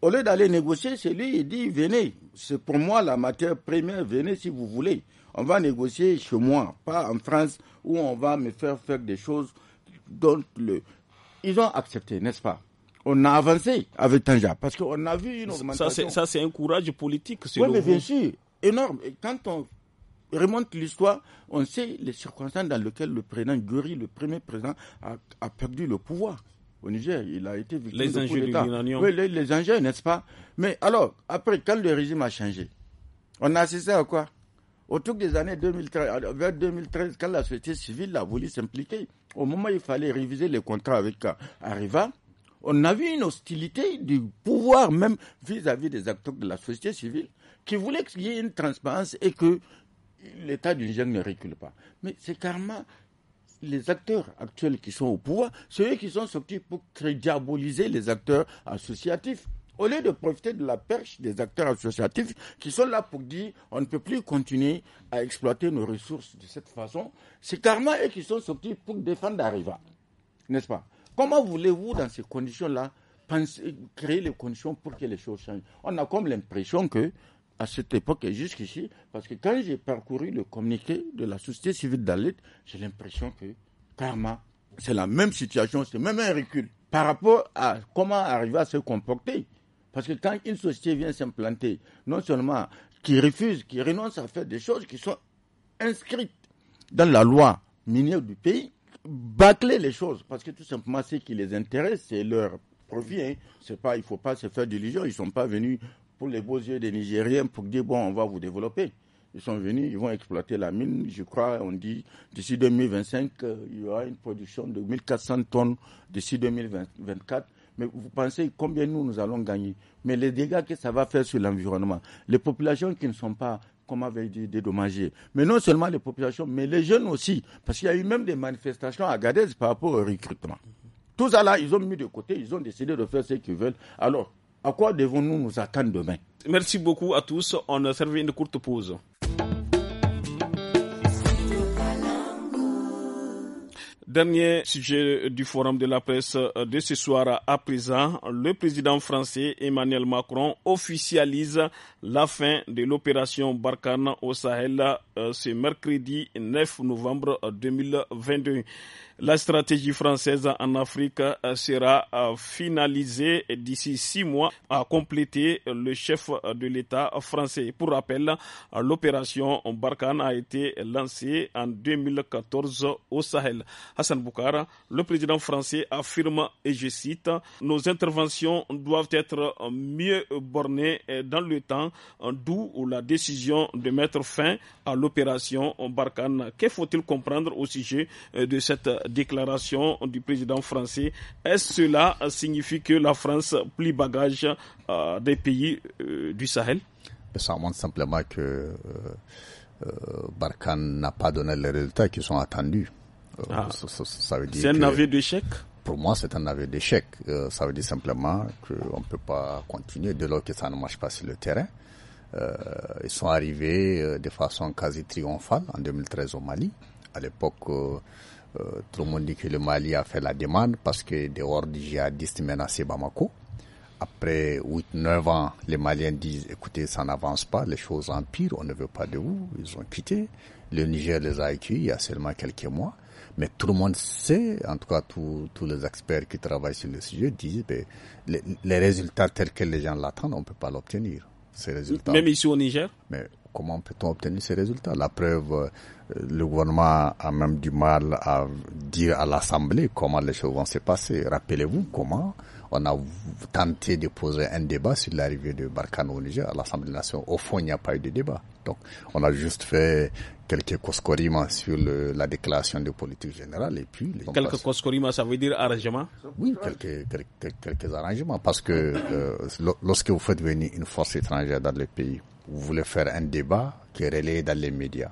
Au lieu d'aller négocier, c'est lui qui dit venez, c'est pour moi la matière première, venez si vous voulez. On va négocier chez moi, pas en France où on va me faire faire des choses dont le... ils ont accepté, n'est-ce pas on a avancé avec Tanja, parce qu'on a vu une augmentation. Ça, c'est un courage politique, Oui, mais bien énorme. Et quand on remonte l'histoire, on sait les circonstances dans lesquelles le président Guri, le premier président, a, perdu le pouvoir au Niger. Il a été victime les de enjeux Oui, les, enjeux, n'est-ce pas Mais alors, après, quand le régime a changé, on a assisté à quoi Autour des années 2013, vers 2013, quand la société civile a voulu s'impliquer, au moment où il fallait réviser les contrats avec euh, Arriva, on a vu une hostilité du pouvoir même vis-à-vis des acteurs de la société civile qui voulaient qu'il y ait une transparence et que l'état du ne recule pas. Mais c'est carrément les acteurs actuels qui sont au pouvoir, ceux qui sont sortis pour diaboliser les acteurs associatifs. Au lieu de profiter de la perche des acteurs associatifs qui sont là pour dire on ne peut plus continuer à exploiter nos ressources de cette façon, c'est carrément eux qui sont sortis pour défendre Arriva. N'est-ce pas Comment voulez-vous, dans ces conditions-là, créer les conditions pour que les choses changent On a comme l'impression que, à cette époque et jusqu'ici, parce que quand j'ai parcouru le communiqué de la société civile d'Alit, j'ai l'impression que, karma, c'est la même situation, c'est même un recul par rapport à comment arriver à se comporter. Parce que quand une société vient s'implanter, non seulement qui refuse, qui renonce à faire des choses qui sont inscrites dans la loi minière du pays, bâcler les choses, parce que tout simplement, ce qui les intéresse, c'est leur profit. Il hein. C'est pas, il faut pas se faire diligence Ils sont pas venus pour les beaux yeux des Nigériens pour dire bon, on va vous développer. Ils sont venus, ils vont exploiter la mine. Je crois, on dit, d'ici 2025, euh, il y aura une production de 1400 tonnes d'ici 2024. Mais vous pensez combien nous, nous allons gagner Mais les dégâts que ça va faire sur l'environnement, les populations qui ne sont pas comme avait dit, dédommagé. Mais non seulement les populations, mais les jeunes aussi. Parce qu'il y a eu même des manifestations à Gadez par rapport au recrutement. Tout ça là, ils ont mis de côté, ils ont décidé de faire ce qu'ils veulent. Alors, à quoi devons-nous nous attendre demain Merci beaucoup à tous. On a servi une courte pause. Dernier sujet euh, du forum de la presse euh, de ce soir à présent, le président français Emmanuel Macron officialise la fin de l'opération Barkhane au Sahel euh, ce mercredi 9 novembre 2022. Euh, la stratégie française en Afrique euh, sera finalisée d'ici six mois, à compléter le chef de l'État français. Pour rappel, l'opération Barkhane a été lancée en 2014 au Sahel. Hassan Boukara, le président français, affirme, et je cite, Nos interventions doivent être mieux bornées dans le temps, d'où la décision de mettre fin à l'opération opération Barkhane. Que faut-il comprendre au sujet euh, de cette déclaration du président français Est-ce cela signifie que la France plie bagage euh, des pays euh, du Sahel Ça montre simplement que Barkhane n'a pas donné les résultats qui sont attendus. Ah. c'est un navire d'échec pour moi, c'est un navet d'échec. ça veut dire simplement qu'on ne peut pas continuer De lors que ça ne marche pas sur le terrain. Euh, ils sont arrivés euh, de façon quasi triomphale en 2013 au Mali. À l'époque, euh, euh, tout le monde dit que le Mali a fait la demande parce que dehors, hordes djihadistes menaçaient Bamako. Après 8-9 ans, les Maliens disent écoutez, ça n'avance pas, les choses empirent, on ne veut pas de vous. Ils ont quitté. Le Niger les a accueillis il y a seulement quelques mois. Mais tout le monde sait, en tout cas tous les experts qui travaillent sur le sujet disent ben, les, les résultats tels que les gens l'attendent, on ne peut pas l'obtenir résultats. Même ici au Niger Mais comment peut-on obtenir ces résultats La preuve, euh, le gouvernement a même du mal à dire à l'Assemblée comment les choses vont se passer. Rappelez-vous comment on a tenté de poser un débat sur l'arrivée de Barkhane au Niger à l'Assemblée nationale. Au fond, il n'y a pas eu de débat on a juste fait quelques coscorima sur la déclaration de politique générale et puis quelques coscorima ça veut dire arrangement oui quelques, quelques, arrangements parce que euh, lorsque vous faites venir une force étrangère dans le pays vous voulez faire un débat qui est relayé dans les médias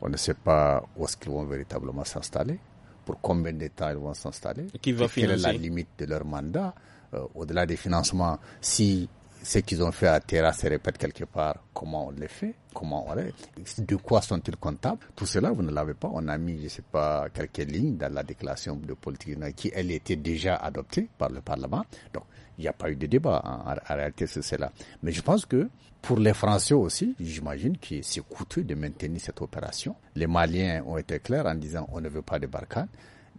on ne sait pas où est-ce qu'ils vont véritablement s'installer pour combien d'états ils vont s'installer qui va quelle est la limite de leur mandat euh, au-delà des financements si ce qu'ils ont fait à Terra se répète quelque part. Comment on les fait Comment on les... De quoi sont-ils comptables Tout cela, vous ne l'avez pas. On a mis, je ne sais pas, quelques lignes dans la déclaration de politique qui, elle, était déjà adoptée par le Parlement. Donc, il n'y a pas eu de débat hein, en, réalité sur cela. Mais je pense que pour les Français aussi, j'imagine que c'est coûteux de maintenir cette opération. Les Maliens ont été clairs en disant on ne veut pas de Barkhane.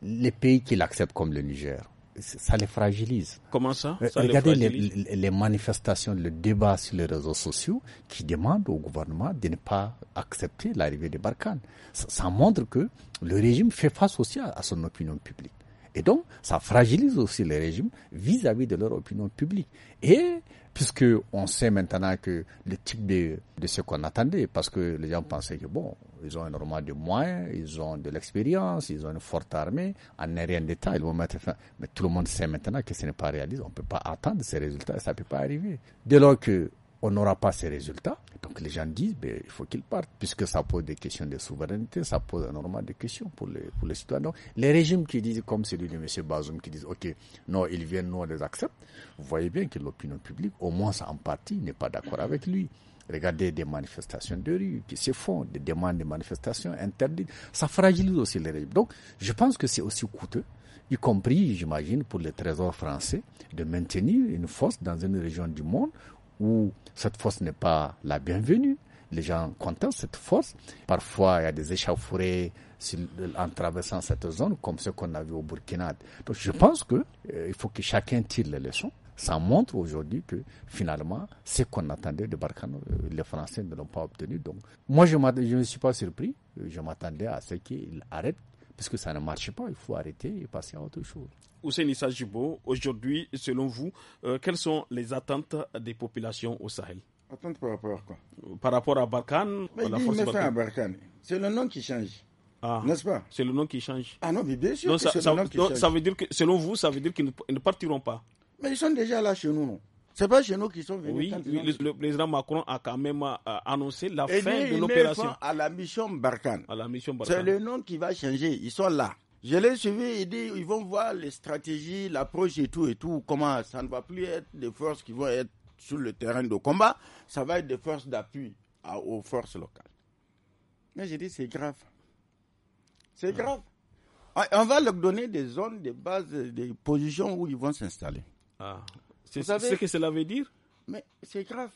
Les pays qui l'acceptent comme le Niger, ça les fragilise. Comment ça, euh, Regardez les, manifestations, le débat sur les réseaux sociaux qui demandent au gouvernement de ne pas accepter l'arrivée des Barkhane. Ça, montre que le régime fait face aussi à son opinion publique. Et donc, ça fragilise aussi les régimes vis-à-vis de leur opinion publique. Et puisque on sait maintenant que le type de, ce qu'on attendait, parce que les gens pensaient que bon, ils ont énormément de moyens, ils ont de l'expérience, ils ont une forte armée, en rien d'état, ils vont mettre fin. Mais tout le monde sait maintenant que ce n'est pas réaliste, on ne peut pas attendre ces résultats, ça ne peut pas arriver. Dès lors que on n'aura pas ces résultats. Donc les gens disent, ben, il faut qu'ils partent, puisque ça pose des questions de souveraineté, ça pose énormément de questions pour les, pour les citoyens. Donc les régimes qui disent, comme celui de M. Bazoum, qui disent, OK, non, ils viennent, nous, on les accepte, vous voyez bien que l'opinion publique, au moins en partie, n'est pas d'accord avec lui. Regardez des manifestations de rue qui se font, des demandes de manifestations interdites. Ça fragilise aussi les régimes. Donc, je pense que c'est aussi coûteux, y compris, j'imagine, pour les trésors français, de maintenir une force dans une région du monde où cette force n'est pas la bienvenue. Les gens contestent cette force. Parfois, il y a des échauffourées en traversant cette zone, comme ce qu'on a vu au Burkina. Donc, je pense que euh, il faut que chacun tire les leçons. Ça montre aujourd'hui que finalement, ce qu'on attendait de Barkhane, euh, les Français ne l'ont pas obtenu. Donc, moi, je ne suis pas surpris. Euh, je m'attendais à ce qu'ils arrêtent, parce que ça ne marche pas. Il faut arrêter et passer à autre chose. Ousenissa Nissajibo, aujourd'hui, selon vous, euh, quelles sont les attentes des populations au Sahel Attentes par rapport à quoi Par rapport à Barkhane Mais à la force Barkhane. C'est le nom qui change. Ah. N'est-ce pas C'est le nom qui change. Ah non, mais bien sûr. que ça, le nom qui change. ça veut dire que, selon vous, ça veut dire qu'ils ne, partiront pas. Mais ils sont déjà là chez nous, non c'est pas chez nous qu'ils sont venus. Oui, le, président Macron a quand même euh, annoncé la fin de l'opération. À la mission Barkhane. À la mission Barkhane. C'est le nom qui va changer. Ils sont là. Je l'ai suivi, et dit, ils vont voir les stratégies, l'approche et tout et tout, comment ça ne va plus être des forces qui vont être sur le terrain de combat, ça va être des forces d'appui aux forces locales. Mais j'ai dit, c'est grave. C'est grave. Ah, on va leur donner des zones, des bases, des positions où ils vont s'installer. Ah. C'est ce que cela veut dire Mais c'est grave.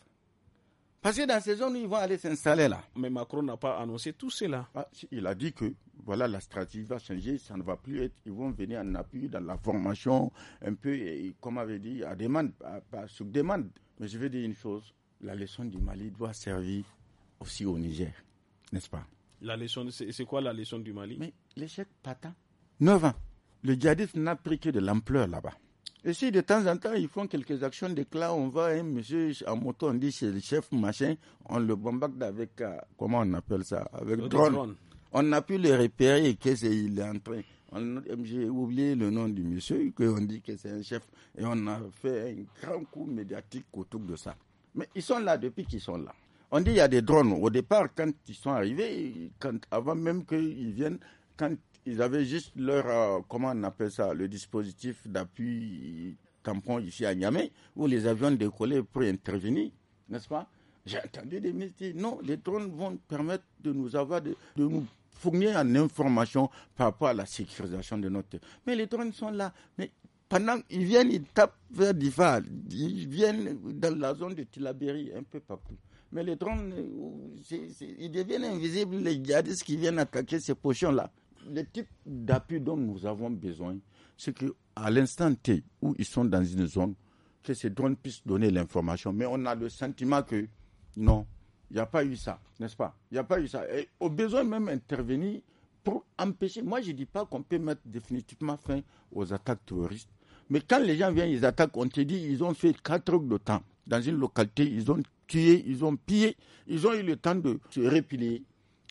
Parce que dans ces zones, ils vont aller s'installer là. Mais Macron n'a pas annoncé tout cela. Ah, il a dit que voilà, la stratégie va changer, ça ne va plus être. Ils vont venir en appui dans la formation, un peu, et, comme avait dit, à demande, pas sous demande. Mais je veux dire une chose la leçon du Mali doit servir aussi au Niger, n'est-ce pas La leçon, c'est quoi la leçon du Mali Mais l'échec patent. 9 ans. Le djihadisme n'a pris que de l'ampleur là-bas. Et si de temps en temps, ils font quelques actions d'éclat, on va un monsieur en moto, on dit c'est le chef machin, on le bombarde avec, euh, comment on appelle ça Avec drone. On a pu le repérer qu'il est, en train. J'ai oublié le nom du monsieur, qu'on dit que c'est un chef. Et on a fait un grand coup médiatique autour de ça. Mais ils sont là depuis qu'ils sont là. On dit il y a des drones. Au départ, quand ils sont arrivés, quand, avant même qu'ils viennent, quand ils avaient juste leur, euh, comment on appelle ça, le dispositif d'appui tampon ici à Niamey, où les avions décollaient pour intervenir, n'est-ce pas J'ai entendu des ministres dire, non, les drones vont permettre de nous avoir, de, nous fournir en information par rapport à la sécurisation de notre... Mais les drones sont là, mais pendant ils viennent, ils tapent vers Difa, ils viennent dans la zone de Tilaberi, un peu partout. Mais les drones, euh, ils deviennent invisibles, les djihadistes qui viennent attaquer ces potions là le type d'appui dont nous avons besoin, c'est qu'à l'instant T où ils sont dans une zone, que ces drones puissent donner l'information. Mais on a le sentiment que non, il n'y a pas eu ça, n'est-ce pas Il n'y a pas eu ça. Et au besoin même intervenir pour empêcher. Moi, je ne dis pas qu'on peut mettre définitivement fin aux attaques terroristes. Mais quand les gens viennent, ils attaquent, on te dit, ils ont fait quatre heures de temps dans une localité, ils ont tué, ils ont pillé, ils ont eu le temps de se répiler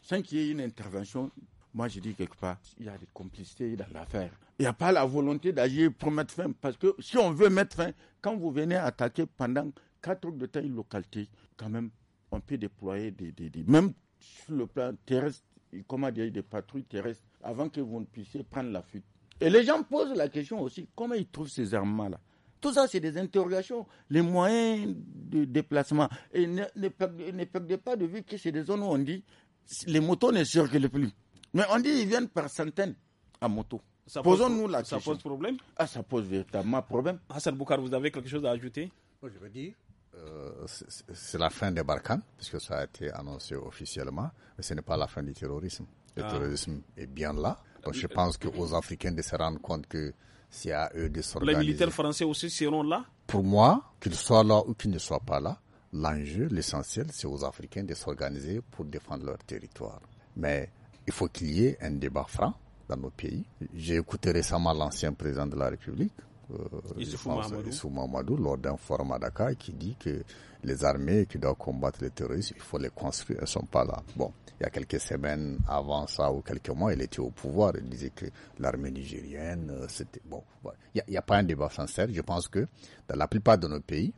sans qu'il y ait une intervention moi je dis quelque part, il y a des complicités dans l'affaire. Il n'y a pas la volonté d'agir pour mettre fin, parce que si on veut mettre fin, quand vous venez attaquer pendant quatre heures de temps une localité, quand même, on peut déployer des, même sur le plan terrestre, comment dire, des patrouilles terrestres, avant que vous ne puissiez prendre la fuite. Et les gens posent la question aussi, comment ils trouvent ces armements-là tout ça, c'est des interrogations. Les moyens de déplacement. Et ne, ne perdez pas de vue que c'est des zones où on dit les motos ne circulent plus. Mais on dit ils viennent par centaines à moto. Posons-nous la question. Ça pose problème Ah, ça pose véritablement problème. Hassan Boukar, vous avez quelque chose à ajouter Je veux dire, euh, c'est la fin des parce puisque ça a été annoncé officiellement, mais ce n'est pas la fin du terrorisme. Le ah. terrorisme est bien là. Donc je pense qu'aux Africains de se rendre compte que c'est à eux de s'organiser. Les militaires français aussi seront là Pour moi, qu'ils soient là ou qu'ils ne soient pas là, l'enjeu, l'essentiel, c'est aux Africains de s'organiser pour défendre leur territoire. Mais il faut qu'il y ait un débat franc dans nos pays. J'ai écouté récemment l'ancien président de la République, euh, Issoufou Mamadou. lors d'un forum à Dakar, qui dit que les armées qui doivent combattre les terroristes, il faut les construire, elles ne sont pas là. Bon, il y a quelques semaines avant ça ou quelques mois, il était au pouvoir, il disait que l'armée nigérienne, euh, c'était... Bon, il n'y a, a, pas un débat sincère. Je pense que dans la plupart de nos pays,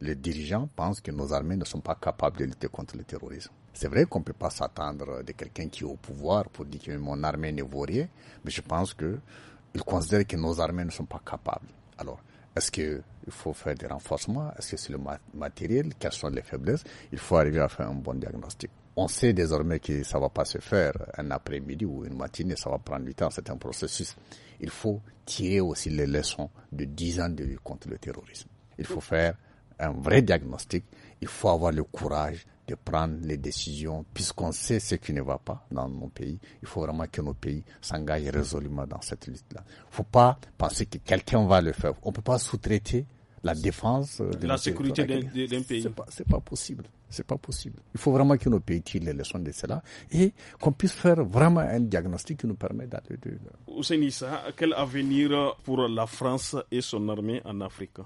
les dirigeants pensent que nos armées ne sont pas capables de lutter contre le terrorisme. C'est vrai qu'on ne peut pas s'attendre de quelqu'un qui est au pouvoir pour dire que mon armée ne vaut rien, mais je pense qu'il considère que nos armées ne sont pas capables. Alors, est-ce qu'il faut faire des renforcements Est-ce que c'est le matériel Quelles sont les faiblesses Il faut arriver à faire un bon diagnostic. On sait désormais que ça ne va pas se faire un après-midi ou une matinée, ça va prendre du temps, c'est un processus. Il faut tirer aussi les leçons de 10 ans de lutte contre le terrorisme. Il faut faire un vrai diagnostic, il faut avoir le courage de prendre les décisions, puisqu'on sait ce qui ne va pas dans nos pays. Il faut vraiment que nos pays s'engagent résolument dans cette lutte-là. Il ne faut pas penser que quelqu'un va le faire. On ne peut pas sous-traiter la défense euh, de la sécurité d'un pays. C'est pas, pas possible. pas possible. Il faut vraiment que nos pays tirent les leçons de cela et qu'on puisse faire vraiment un diagnostic qui nous permet d'aller de. Ousenissa, quel avenir pour la France et son armée en Afrique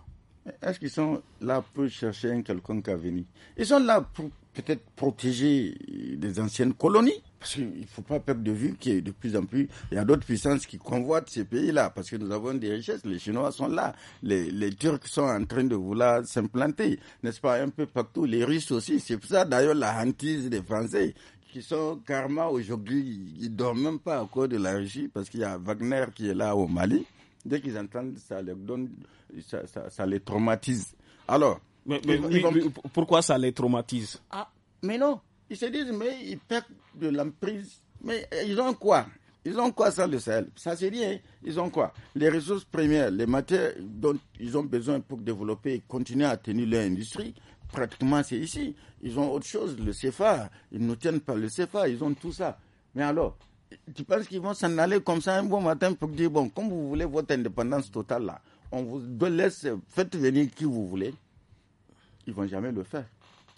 Est-ce qu'ils sont là pour chercher un quelconque avenir Ils sont là pour peut-être protéger euh, des anciennes colonies. Parce qu'il ne faut pas perdre de vue qu'il y a de plus en plus, il y a d'autres puissances qui convoitent ces pays-là, parce que nous avons des richesses. Les Chinois sont là, les, les Turcs sont en train de vouloir s'implanter, n'est-ce pas, un peu partout. Les Russes aussi, c'est pour ça d'ailleurs la hantise des Français qui sont karma aujourd'hui, ils ne dorment même pas à cause de la Russie, parce qu'il y a Wagner qui est là au Mali. Dès qu'ils entendent ça, leur donne, ça, ça les traumatise. Alors, mais, pourquoi ça les traumatise Ah, mais non. Ils se disent, mais ils perdent de l'emprise. Mais eh, ils ont quoi Ils ont quoi ça le Sahel Ça c'est rien. Ils ont quoi Les ressources premières, les matières dont ils ont besoin pour développer et continuer à tenir leur industrie, pratiquement c'est ici. Ils ont autre chose, le CFA. Ils ne tiennent pas le CFA, ils ont tout ça. Mais alors, tu penses qu'ils vont s'en aller comme ça un bon matin pour dire, bon, comme vous voulez votre indépendance totale là, on vous laisse, faites venir qui vous voulez ils vont jamais le faire.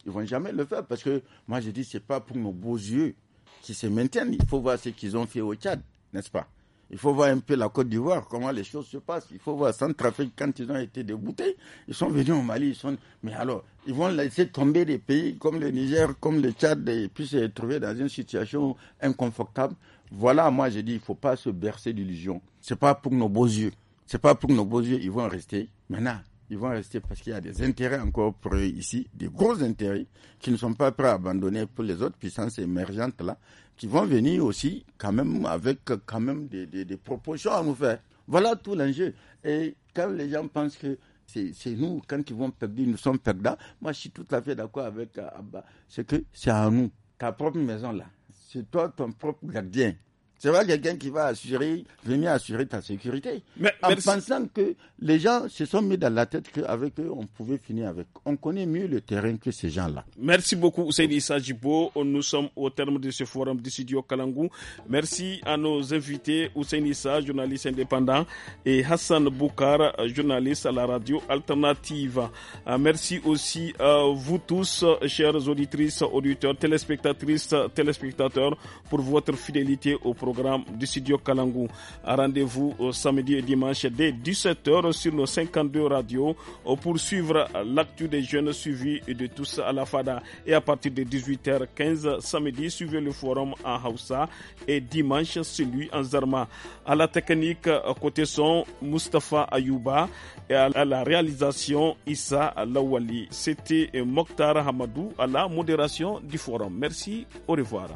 Ils vont jamais le faire parce que moi je dis c'est pas pour nos beaux yeux qui se maintiennent. Il faut voir ce qu'ils ont fait au Tchad, n'est-ce pas Il faut voir un peu la Côte d'Ivoire, comment les choses se passent. Il faut voir trafic quand ils ont été déboutés. Ils sont venus au Mali, ils sont. Mais alors, ils vont laisser tomber des pays comme le Niger, comme le Tchad, et puis se retrouver dans une situation inconfortable. Voilà, moi je dis, il faut pas se bercer d'illusions. C'est pas pour nos beaux yeux. C'est pas pour nos beaux yeux, ils vont rester. Maintenant, ils vont rester parce qu'il y a des intérêts encore pour eux ici, des gros intérêts qui ne sont pas prêts à abandonner pour les autres puissances émergentes là, qui vont venir aussi quand même avec quand même des, des propositions à nous faire. Voilà tout l'enjeu. Et quand les gens pensent que c'est nous, quand ils vont perdre, nous sommes perdants, moi je suis tout à fait d'accord avec Abba, c'est que c'est à nous, ta propre maison là, c'est toi ton propre gardien. C'est vrai quelqu'un qui va assurer, venir assurer ta sécurité. Mais, en pensant que les gens se sont mis dans la tête qu'avec eux, on pouvait finir avec. On connaît mieux le terrain que ces gens-là. Merci beaucoup, Ousseini Issa Jibo. Nous sommes au terme de ce forum du studio Kalangou. Merci à nos invités, Ousseini Issa, journaliste indépendant, et Hassan Boukar, journaliste à la radio alternative. Euh, merci aussi à vous tous, chères auditrices, auditeurs, téléspectatrices, téléspectateurs, pour votre fidélité au programme programme du studio Kalangou. Rendez-vous euh, samedi et dimanche dès 17h sur nos 52 radio euh, pour suivre l'actu des jeunes suivis de tous à la FADA. Et à partir de 18h15 samedi, suivez le forum à Hausa et dimanche celui en Zarma. À la technique, euh, côté son, Mustapha Ayouba et à la réalisation, Issa Lawali. C'était Mokhtar Hamadou à la modération du forum. Merci, au revoir.